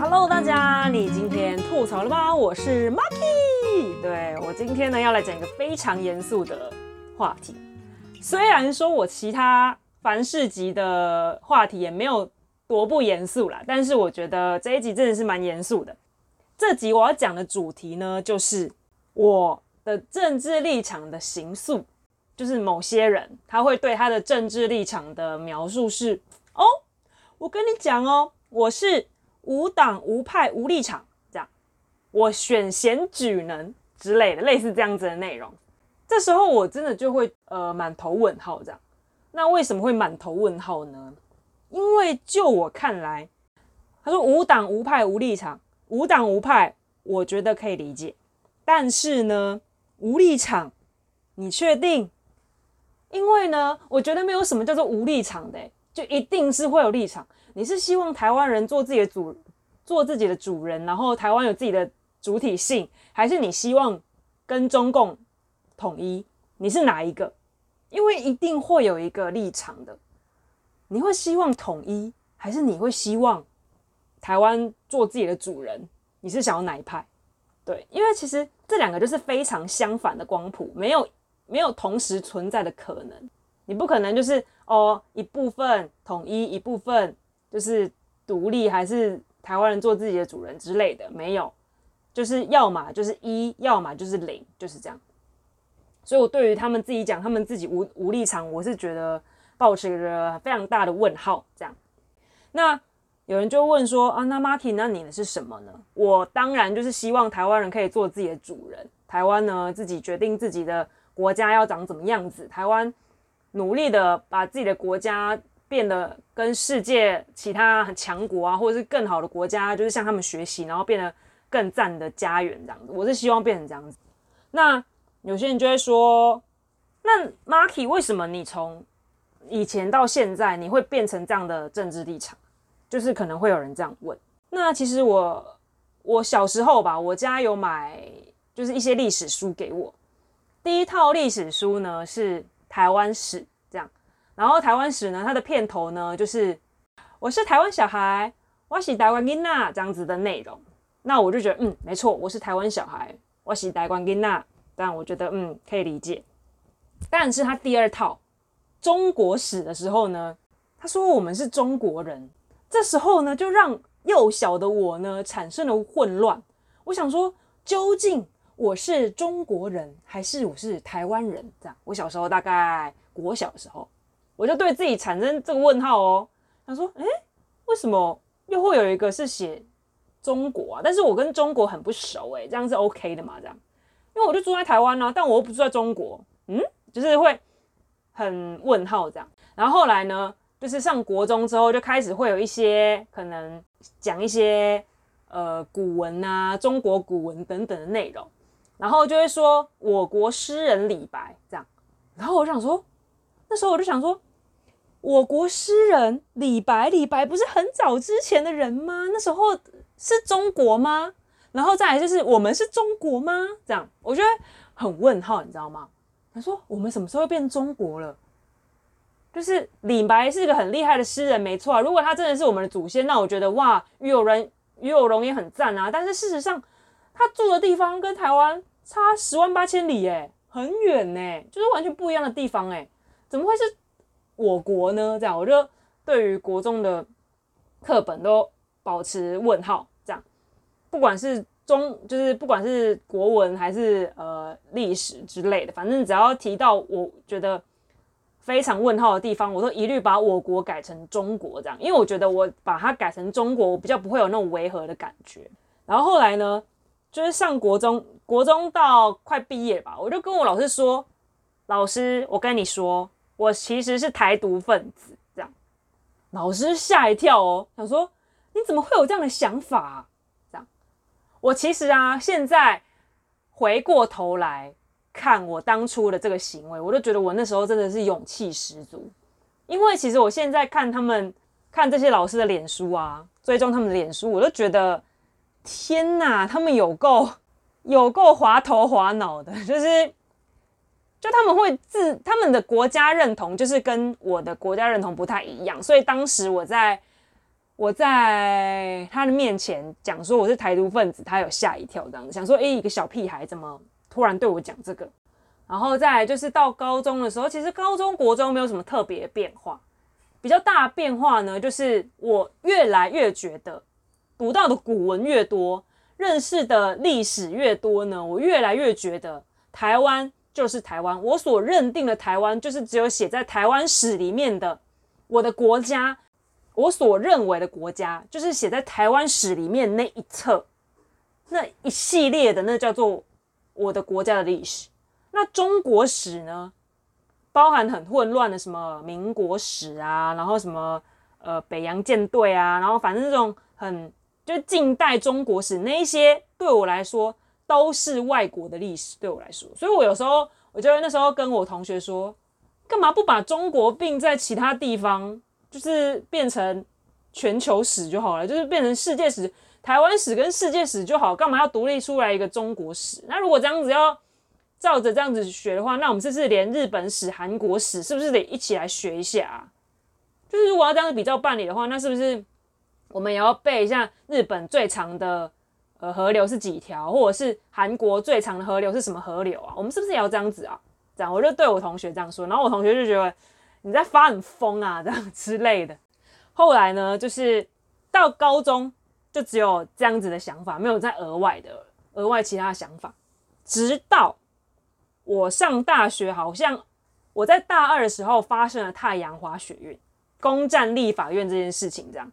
Hello，大家，你今天吐槽了嗎？我是 Maki，對我今天呢要來講一個非常嚴肅的話題。雖然說我其他凡事集的話題也沒有多不嚴肅啦，但是我覺得這一集真的是蠻嚴肅的。這集我要講的主題呢，就是我的政治立場的形塑，就是某些人他會對他的政治立場的描述是：哦，我跟你講哦、喔，我是。無黨無派無立場，這樣，我選賢舉能之類的，類似這樣子的內容。這時候我真的就會呃滿頭問號這樣。那為什麼會滿頭問號呢？因為就我看來，他說無黨無派無立場，無黨無派我覺得可以理解，但是呢無立場，你確定？因為呢，我覺得沒有什麼叫做無立場的、欸，就一定是會有立場。你是希望台灣人做自己的主，做自己的主人，然後台灣有自己的主體性，還是你希望跟中共統一？你是哪一個？因為一定會有一個立場的。你會希望統一，還是你會希望台灣做自己的主人？你是想要哪一派？對，因為其實這兩個就是非常相反的光譜，沒有沒有同時存在的可能。你不可能就是哦，一部分統一，一部分。就是獨立還是台灣人做自己的主人之類的，沒有，就是要麼就是一，要麼就是零，就是這樣。所以，我對於他們自己講他們自己無無立場，我是覺得抱持一個非常大的問號。這樣，那有人就問說啊，那 Marty 那你的是什麼呢？我當然就是希望台灣人可以做自己的主人，台灣呢自己決定自己的國家要長怎麼樣子，台灣努力的把自己的國家。變得跟世界其他強國啊，或者是更好的國家，就是向他們學習，然後變得更讚的家園這樣子。我是希望變成這樣子。那有些人就會說，那 Marky 為什麼你從以前到現在你會變成這樣的政治立場？就是可能會有人這樣問。那其實我我小時候吧，我家有買就是一些歷史書給我。第一套歷史書呢是台灣史。然後台灣史呢，它的片頭呢就是“我是台灣小孩，我是台灣囡仔”這樣子的內容。那我就覺得，嗯，沒錯，我是台灣小孩，我是台灣囡仔。但我覺得，嗯，可以理解。但是他第二套中國史的時候呢，他說我們是中國人，這時候呢就讓幼小的我呢產生了混亂。我想說，究竟我是中國人還是我是台灣人？這樣，我小時候大概國小的時候。我就對自己產生這個問號哦，想說，誒，為什麼又會有一個是寫中國啊？但是我跟中國很不熟，誒，這樣是 OK 的嘛，這樣，因為我就住在台灣呢、啊，但我又不住在中國，嗯，就是會很問號這樣。然後後來呢，就是上國中之後，就開始會有一些可能講一些呃古文啊，中國古文等等的內容，然後就會說我國詩人李白這樣。然後我就想說，那時候我就想說。我國詩人李白，李白不是很早之前的人嗎？那時候是中國嗎？然後再來就是我們是中國嗎？這樣我覺得很問號，你知道嗎？他說我們什麼時候變中國了？就是李白是一個很厲害的詩人，沒錯、啊。如果他真的是我們的祖先，那我覺得哇，於友仁、於友榮也很讚啊。但是事實上，他住的地方跟台灣差十萬八千里誒、欸，很遠誒、欸，就是完全不一樣的地方誒、欸，怎麼會是？我國呢，這樣，我就對於國中的課本都保持問號。這樣不管是中，就是不管是國文還是呃歷史之類的，反正只要提到我覺得非常問號的地方，我都一律把我國改成中國，這樣，因為我覺得我把它改成中國，我比較不會有那種違和的感覺。然後後來呢，就是上國中，國中到快畢業吧，我就跟我老師說：“老師，我跟你說。”我其實是台獨分子，這樣，老師嚇一跳哦，想說你怎麼會有這樣的想法啊？這樣，我其實啊，現在回過頭來看我當初的這個行為，我就覺得我那時候真的是勇氣十足。因為其實我現在看他們看這些老師的臉書啊，追蹤他們的臉書，我都覺得天哪，他們有夠有夠滑頭滑腦的，就是。就他們會自他們的國家認同，就是跟我的國家認同不太一樣，所以當時我在我在他的面前講說我是台獨分子，他有嚇一跳，這樣，想說，誒，一個小屁孩怎麼突然對我講這個？然後再來，就是到高中的時候，其實高中國中沒有什麼特別變化，比較大的變化呢，就是我越來越覺得讀到的古文越多，認識的歷史越多呢，我越來越覺得台灣。就是台灣，我所認定的台灣就是只有寫在台灣史裡面的我的國家，我所認為的國家就是寫在台灣史裡面那一冊那一系列的那叫做我的國家的歷史。那中國史呢，包含很混亂的什麼民國史啊，然後什麼呃北洋艦隊啊，然後反正這種很就近代中國史那一些對我來說。都是外國的歷史，對我來說，所以我有時候我就會那時候跟我同學說，幹嘛不把中國併在其他地方，就是變成全球史就好了，就是變成世界史，台灣史跟世界史就好，幹嘛要獨立出來一個中國史？那如果這樣子要照着這樣子學的話，那我們是不是連日本史，韓國史是不是得一起來學一下啊？就是如果要這樣子比較辦理的話，那是不是我們也要背一下日本最長的？呃，河流是幾條，或者是韓國最長的河流是什麼河流啊？我們是不是也要這樣子啊？這樣我就對我同學這樣說，然後我同學就覺得你在發很瘋啊，這樣之類的。後來呢，就是到高中就只有這樣子的想法，沒有再額外的額外其他的想法，直到我上大學，好像我在大二的時候發生了太陽花學運，攻佔立法院這件事情，這樣。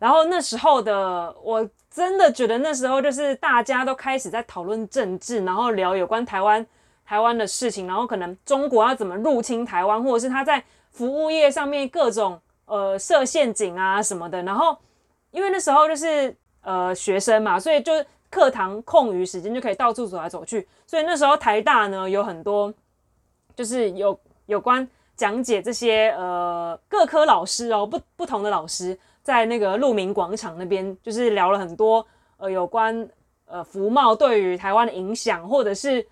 然後那時候的我真的覺得那時候就是大家都開始在討論政治，然後聊有關台灣台灣的事情，然後可能中國要怎麼入侵台灣，或者是他在服務業上面各種呃設陷阱啊什麼的。然後因為那時候就是呃學生嘛，所以就課堂空餘時間就可以到處走來走去。所以那時候台大呢，有很多就是有有關。講解這些呃各科老師哦、喔、不不同的老師在那個鹿鳴廣場那邊，就是聊了很多呃有關呃服貿對於台灣的影響，或者是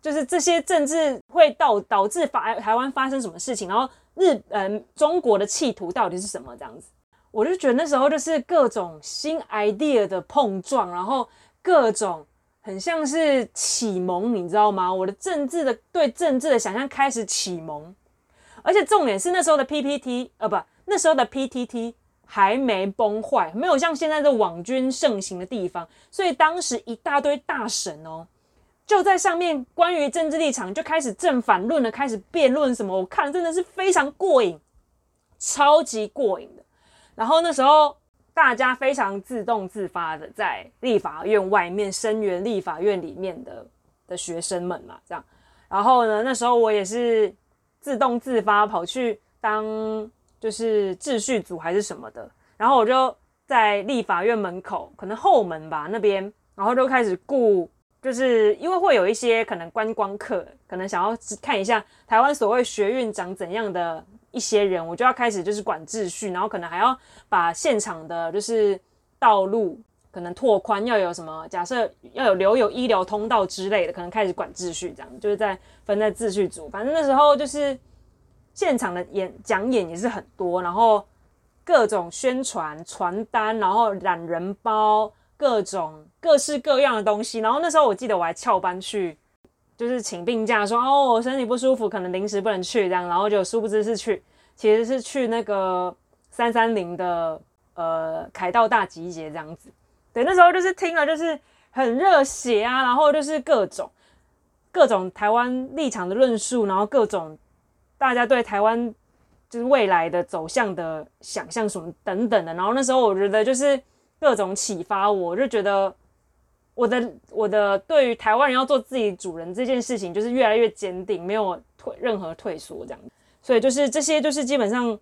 就是這些政治會導導致發台灣發生什麼事情，然後日嗯、呃、中國的企圖到底是什麼，這樣子。我就覺得那時候就是各種新 idea 的碰撞，然後各種很像是啟蒙，你知道嗎？我的政治的對政治的想象開始啟蒙。而且重點是那時候的 PPT 呃不，那時候的 PTT 還沒崩壞，沒有像現在這網軍盛行的地方，所以當時一大堆大神哦、喔，就在上面關於政治立場就開始正反論了，開始辯論什麼，我看真的是非常過癮，超級過癮的。然後那時候大家非常自動自發的在立法院外面聲援立法院裡面的的學生們嘛，這樣。然後呢，那時候我也是。自動自發跑去當就是秩序組還是什麼的，然後我就在立法院門口，可能後門吧那邊，然後就開始顧，就是因為會有一些可能觀光客，可能想要看一下台灣所謂學運長怎樣的一些人，我就要開始就是管秩序，然後可能還要把現場的就是道路。可能拓寬要有什麼？假設要有留有醫療通道之類的，可能開始管秩序這樣，就是在分在秩序組。反正那時候就是現場的演講演也是很多，然後各種宣傳傳單，然後懶人包各種各式各樣的東西。然後那時候我記得我還翹班去，就是請病假說哦，我身體不舒服，可能臨時不能去這樣。然後就殊不知是去，其實是去那個三三零的呃凱道大集結這樣子。對，那時候就是聽了，就是很熱血啊，然後就是各種各種台灣立場的論述，然後各種大家對台灣就是未來的走向的想象什麼等等的，然後那時候我覺得就是各種啟發我，我就覺得我的我的對於台灣人要做自己主人這件事情，就是越來越堅定，沒有退任何退縮這樣，所以就是這些，就是基本上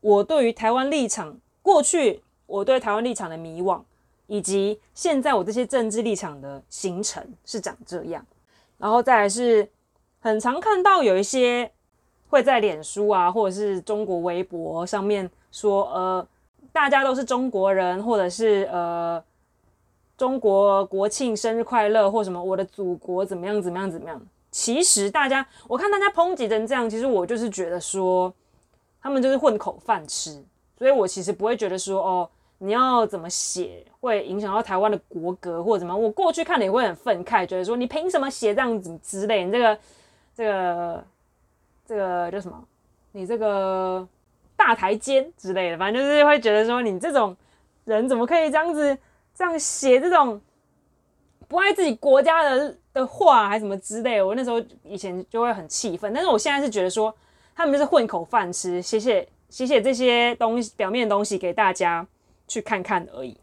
我對於台灣立場過去我對台灣立場的迷惘，以及現在我這些政治立場的形成是長這樣，然後再來是，很常看到有一些會在臉書啊，或者是中國微博上面說，呃，大家都是中國人，或者是呃，中國國慶生日快樂，或什麼我的祖國怎麼樣怎麼樣怎麼樣。其實大家，我看大家抨擊成這樣，其實我就是覺得說，他們就是混口飯吃，所以我其實不會覺得說，哦。你要怎麼寫會影響到台灣的國格，或者怎麼？我過去看了也會很憤慨，覺得說你憑什麼寫這樣子之類，你這個這個這個叫什麼？你這個大台奸之類的，反正就是會覺得說你這種人怎麼可以這樣子這樣寫這種不愛自己國家的的話，還什麼之類的。我那時候以前就會很氣憤，但是我現在是覺得說他們就是混口飯吃，寫寫寫寫這些東西表面的東西給大家。去看看而已，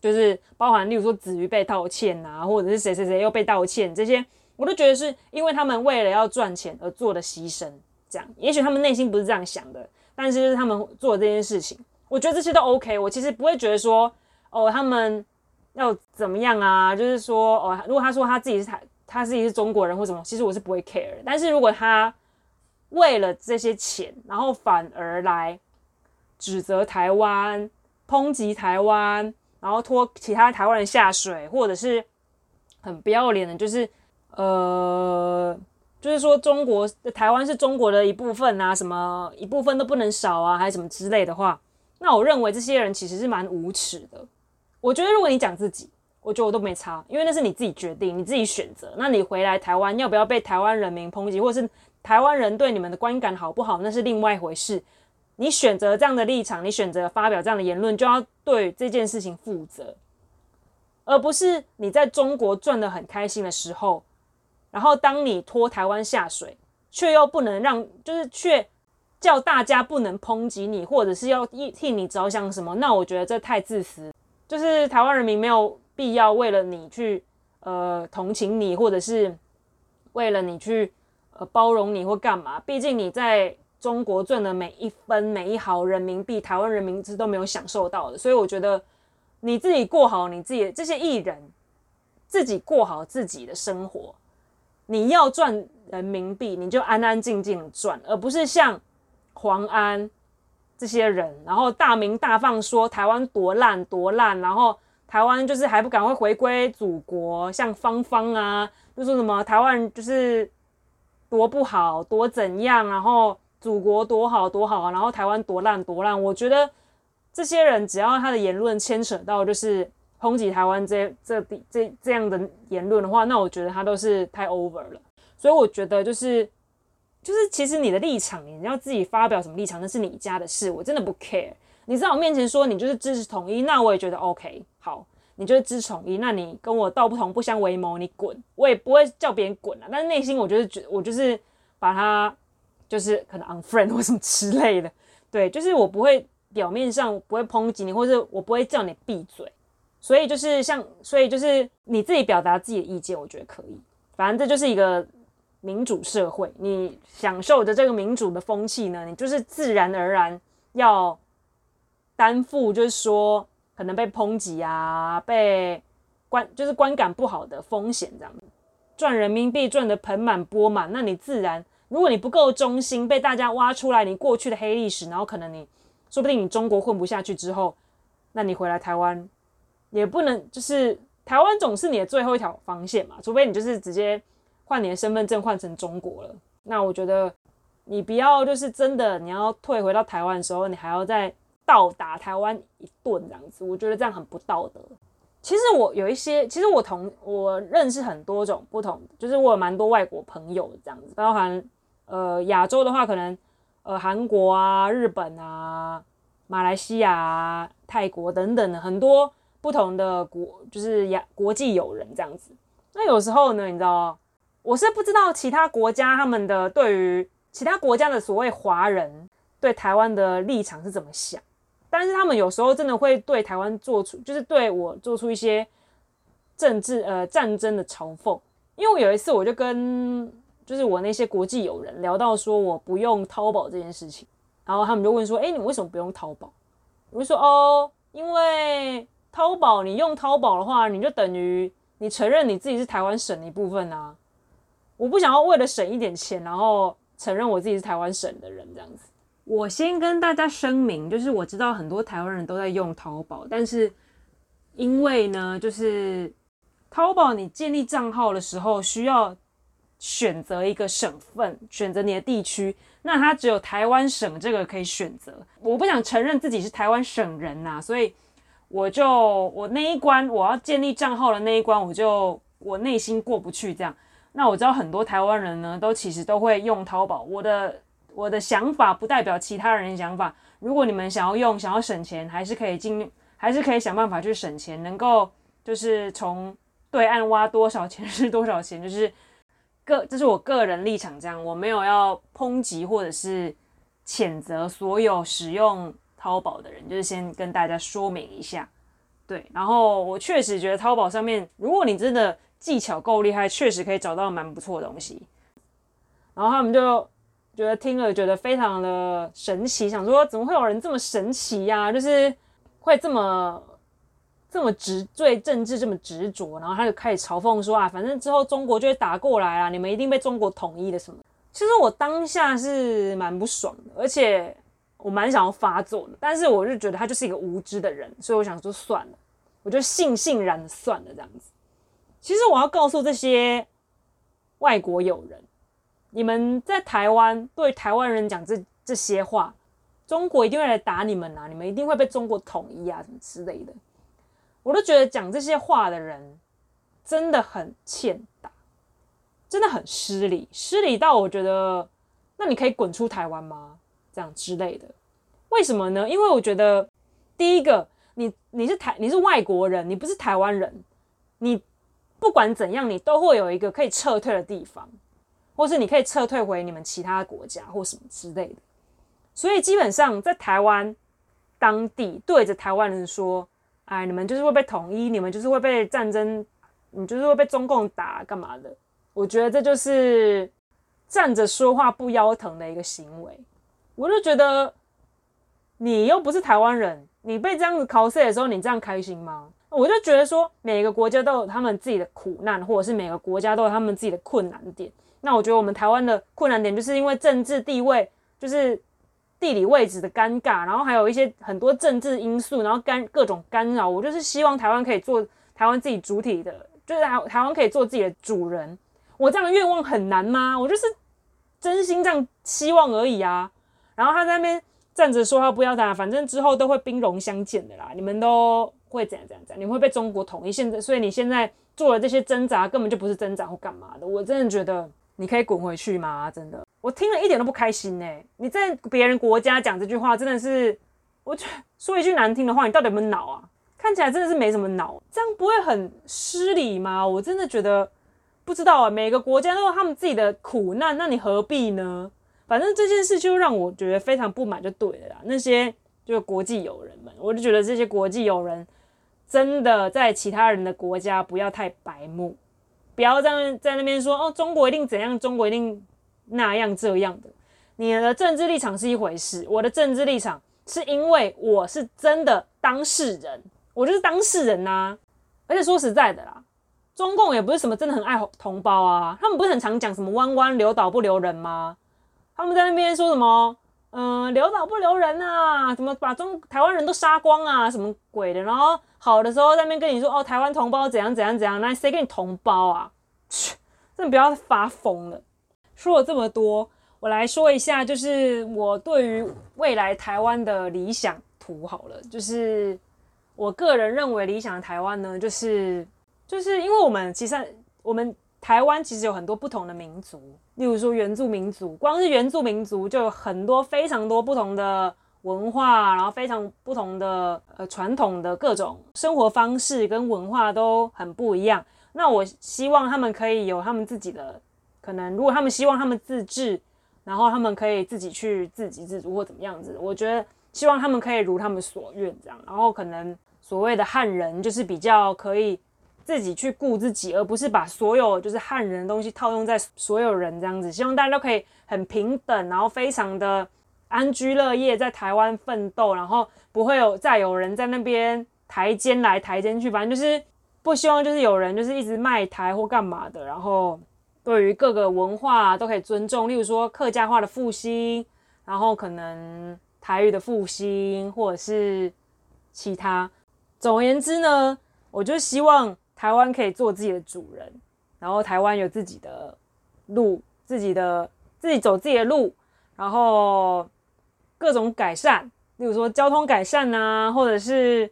就是包含例如說子瑜被道歉啊，或者是誰誰誰又被道歉這些，我都覺得是因為他們為了要賺錢而做的犧牲，這樣。也許他們內心不是這樣想的，但是就是他們做的這件事情，我覺得這些都 OK。我其實不會覺得說哦，他們要怎麼樣啊？就是說哦，如果他說他自己是他，他自己是中國人或什麼，其實我是不會 care。但是如果他為了這些錢，然後反而來指責台灣，抨擊台灣，然後拖其他台灣人下水，或者是很不要臉的，就是呃，就是說中國台灣是中國的一部分啊，什麼一部分都不能少啊，還是什麼之類的話，那我認為這些人其實是蠻無恥的。我覺得如果你講自己，我覺得我都沒差，因為那是你自己決定，你自己選擇。那你回來台灣要不要被台灣人民抨擊，或者是台灣人對你們的觀感好不好，那是另外一回事。你選擇這樣的立場，你選擇發表這樣的言論，就要對這件事情負責，而不是你在中國賺得很開心的時候，然後當你拖台灣下水，卻又不能讓，就是卻叫大家不能抨擊你，或者是要替你着想什麼？那我覺得這太自私，就是台灣人民沒有必要為了你去呃同情你，或者是為了你去呃包容你，或幹嘛？畢竟你在。中國賺的每一分每一毫人民幣，台灣人民是都沒有享受到的。所以我覺得你自己過好你自己，這些藝人自己過好自己的生活。你要賺人民幣，你就安安靜靜地賺，而不是像黃安這些人，然後大鳴大放說台灣多爛多爛，然後台灣就是還不趕快回歸祖國，像芳芳啊，就說、是、什麼台灣就是多不好多怎樣，然後。祖國多好多好啊，然後台灣多爛多爛。我覺得這些人只要他的言論牽扯到就是抨擊台灣這這這這樣的言論的話，那我覺得他都是太 over 了。所以我覺得就是就是其實你的立場，你要自己發表什麼立場，那是你家的事，我真的不 care。你在我面前說你就是支持統一，那我也覺得 OK。好，你就是支持統一，那你跟我道不同不相為謀，你滾，我也不會叫別人滾了。但是內心我就是覺，我就是把他。就是可能 unfriend 或什麼之類的，對，就是我不會表面上不會抨擊你，或者我不會叫你閉嘴，所以就是像，所以就是你自己表達自己的意見，我覺得可以。反正這就是一個民主社會，你享受着這個民主的風氣呢，你就是自然而然要擔負，就是說可能被抨擊啊，被觀就是觀感不好的風險這樣。賺人民幣賺得盆滿缽滿，那你自然。如果你不夠忠心，被大家挖出來你過去的黑歷史，然後可能你說不定你中國混不下去之後，那你回來台灣也不能，就是台灣總是你的最後一條防線嘛，除非你就是直接換你的身份證換成中國了。那我覺得你不要就是真的你要退回到台灣的時候，你還要再倒打台灣一頓這樣子，我覺得這樣很不道德。其實我有一些，其實我同我認識很多種不同，就是我有蠻多外國朋友這樣子，包含。呃，亞洲的話，可能呃，韓國啊、日本啊、馬來西亞啊、泰國等等的很多不同的國，就是亞國際友人這樣子。那有時候呢，你知道，我是不知道其他國家他們的對於其他國家的所謂華人對台灣的立場是怎麼想，但是他們有時候真的會對台灣做出，就是對我做出一些政治呃戰爭的嘲諷。因為我有一次，我就跟。就是我那些國際友人聊到說我不用淘寶這件事情，然後他們就問說：“哎、欸，你為什麼不用淘寶？”我就說：“哦，因為淘寶，你用淘寶的話，你就等於你承認你自己是台灣省的一部分啊。我不想要為了省一點錢，然後承認我自己是台灣省的人這樣子。”我先跟大家聲明，就是我知道很多台灣人都在用淘寶，但是因為呢，就是淘寶你建立賬號的時候需要。選擇一個省份，選擇你的地區，那它只有台灣省這個可以選擇。我不想承認自己是台灣省人吶、啊，所以我就我那一關，我要建立賬號的那一關，我就我內心過不去這樣。那我知道很多台灣人呢，都其實都會用淘寶。我的我的想法不代表其他人的想法。如果你們想要用，想要省錢，還是可以進，還是可以想辦法去省錢，能夠就是從對岸挖多少錢是多少錢，就是。個，這是我個人立場，這樣，我沒有要抨擊或者是譴責所有使用淘寶的人，就是先跟大家說明一下，對。然後我確實覺得淘寶上面，如果你真的技巧夠厲害，確實可以找到蠻不錯的東西。然後他們就覺得聽了，覺得非常的神奇，想說怎麼會有人這麼神奇呀、啊？就是會這麼。這麼執，對政治這麼執着，然後他就開始嘲諷說啊，反正之後中國就會打過來啊，你們一定被中國統一的什麼。其實我當下是蠻不爽的，而且我蠻想要發作的，但是我就覺得他就是一個無知的人，所以我想說算了，我就悻悻然算了這樣子。其實我要告訴這些外國友人，你們在台灣對台灣人講這這些話，中國一定會來打你們吶，啊，你們一定會被中國統一啊，什麼之類的。我都覺得講這些話的人真的很欠打，真的很失禮，失禮到我覺得那你可以滾出台灣嗎？這樣之類的，為什麼呢？因為我覺得第一個，你你是台你是外國人，你不是台灣人，你不管怎樣，你都會有一個可以撤退的地方，或是你可以撤退回你們其他的國家或什麼之類的。所以基本上在台灣當地對着台灣人說。哎，你們就是會被統一，你們就是會被戰爭，你就是會被中共打幹嘛的？我覺得這就是站着說話不腰疼的一個行為。我就覺得你又不是台灣人，你被這樣子考試的時候，你這樣開心嗎？我就覺得說，每個國家都有他們自己的苦難，或者是每個國家都有他們自己的困難點。那我覺得我們台灣的困難點，就是因為政治地位，就是。地理位置的尷尬，然後還有一些很多政治因素，然後幹各種干擾。我就是希望台灣可以做台灣自己主體的，就是台、台灣可以做自己的主人。我這樣的願望很難嗎？我就是真心這樣希望而已啊。然後他在那邊站着說話不腰疼，反正之後都會兵戎相見的啦。你們都會怎樣怎樣怎樣？你們會被中國統一，現在所以你現在做了這些掙扎，根本就不是掙扎或幹嘛的。我真的覺得你可以滾回去嗎？真的。我聽了一點都不開心欸。你在別人國家講這句話，真的是，我覺得說一句難聽的話，你到底有沒有腦啊？看起來真的是沒什麼腦，這樣不會很失禮嗎？我真的覺得不知道啊。每個國家都有他們自己的苦難，那你何必呢？反正這件事就讓我覺得非常不滿，就對了啦。那些就是國際友人們，我就覺得這些國際友人真的在其他人的國家不要太白目，不要這樣在那邊說哦，中國一定怎樣，中國一定。那樣這樣的，你的政治立場是一回事，我的政治立場是因為我是真的當事人，我就是當事人吶、啊。而且說實在的啦，中共也不是什麼真的很愛同胞啊，他們不是很常講什麼彎彎“彎彎留島不留人”嗎？他們在那邊說什麼？嗯，留島不留人啊？怎麼把中台灣人都殺光啊？什麼鬼的？然後好的時候在那邊跟你說哦，台灣同胞怎樣怎樣怎樣，那誰跟你同胞啊？去，真的不要發瘋了。說了這麼多，我來說一下，就是我對於未來台灣的理想圖好了。就是我個人認為理想的台灣呢，就是就是因為我們其實我們台灣其實有很多不同的民族，例如說原住民族，光是原住民族就有很多非常多不同的文化，然後非常不同的呃傳統的各種生活方式跟文化都很不一樣。那我希望他們可以有他們自己的。可能如果他們希望他們自治，然後他們可以自己去自給自足或怎麼樣子，我覺得希望他們可以如他們所願這樣。然後可能所謂的漢人就是比較可以自己去顧自己，而不是把所有就是漢人的東西套用在所有人這樣子。希望大家都可以很平等，然後非常的安居樂業，在台灣奮鬥，然後不會有再有人在那邊台奸來台奸去，反正就是不希望就是有人就是一直賣台或幹嘛的，然後。對於各個文化啊，都可以尊重，例如說客家話的復興，然後可能台語的復興，或者是其他。總而言之呢，我就希望台灣可以做自己的主人，然後台灣有自己的路，自己的自己走自己的路，然後各種改善，例如說交通改善啊，或者是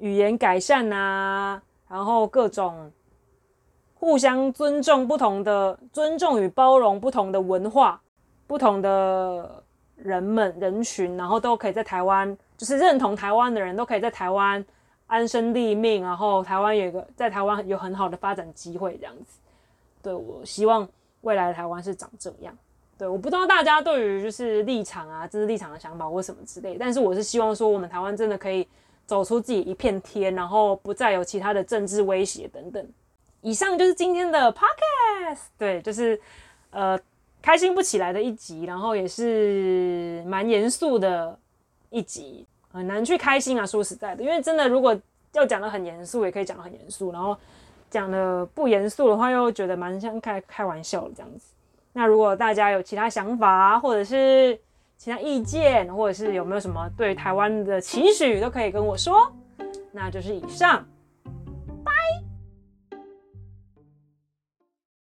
語言改善啊，然後各種。互相尊重不同的尊重與包容不同的文化、不同的人們人群，然後都可以在台灣，就是認同台灣的人都可以在台灣安身立命，然後台灣有一個在台灣有很好的發展機會這樣子。對，我希望未來的台灣是長這樣。對，我不知道大家對於就是立場啊、政治立場的想法或什麼之類，但是我是希望說我們台灣真的可以走出自己一片天，然後不再有其他的政治威脅等等。以上就是今天的 Podcast，對，就是呃，開心不起來的一集，然後也是蠻嚴肅的一集，很、呃、難去開心啊。說實在的，因為真的，如果要講得很嚴肅，也可以講得很嚴肅；然後講得不嚴肅的話，又覺得蠻像開開玩笑的這樣子。那如果大家有其他想法，或者是其他意見，或者是有沒有什麼對台灣的期許，都可以跟我說。那就是以上。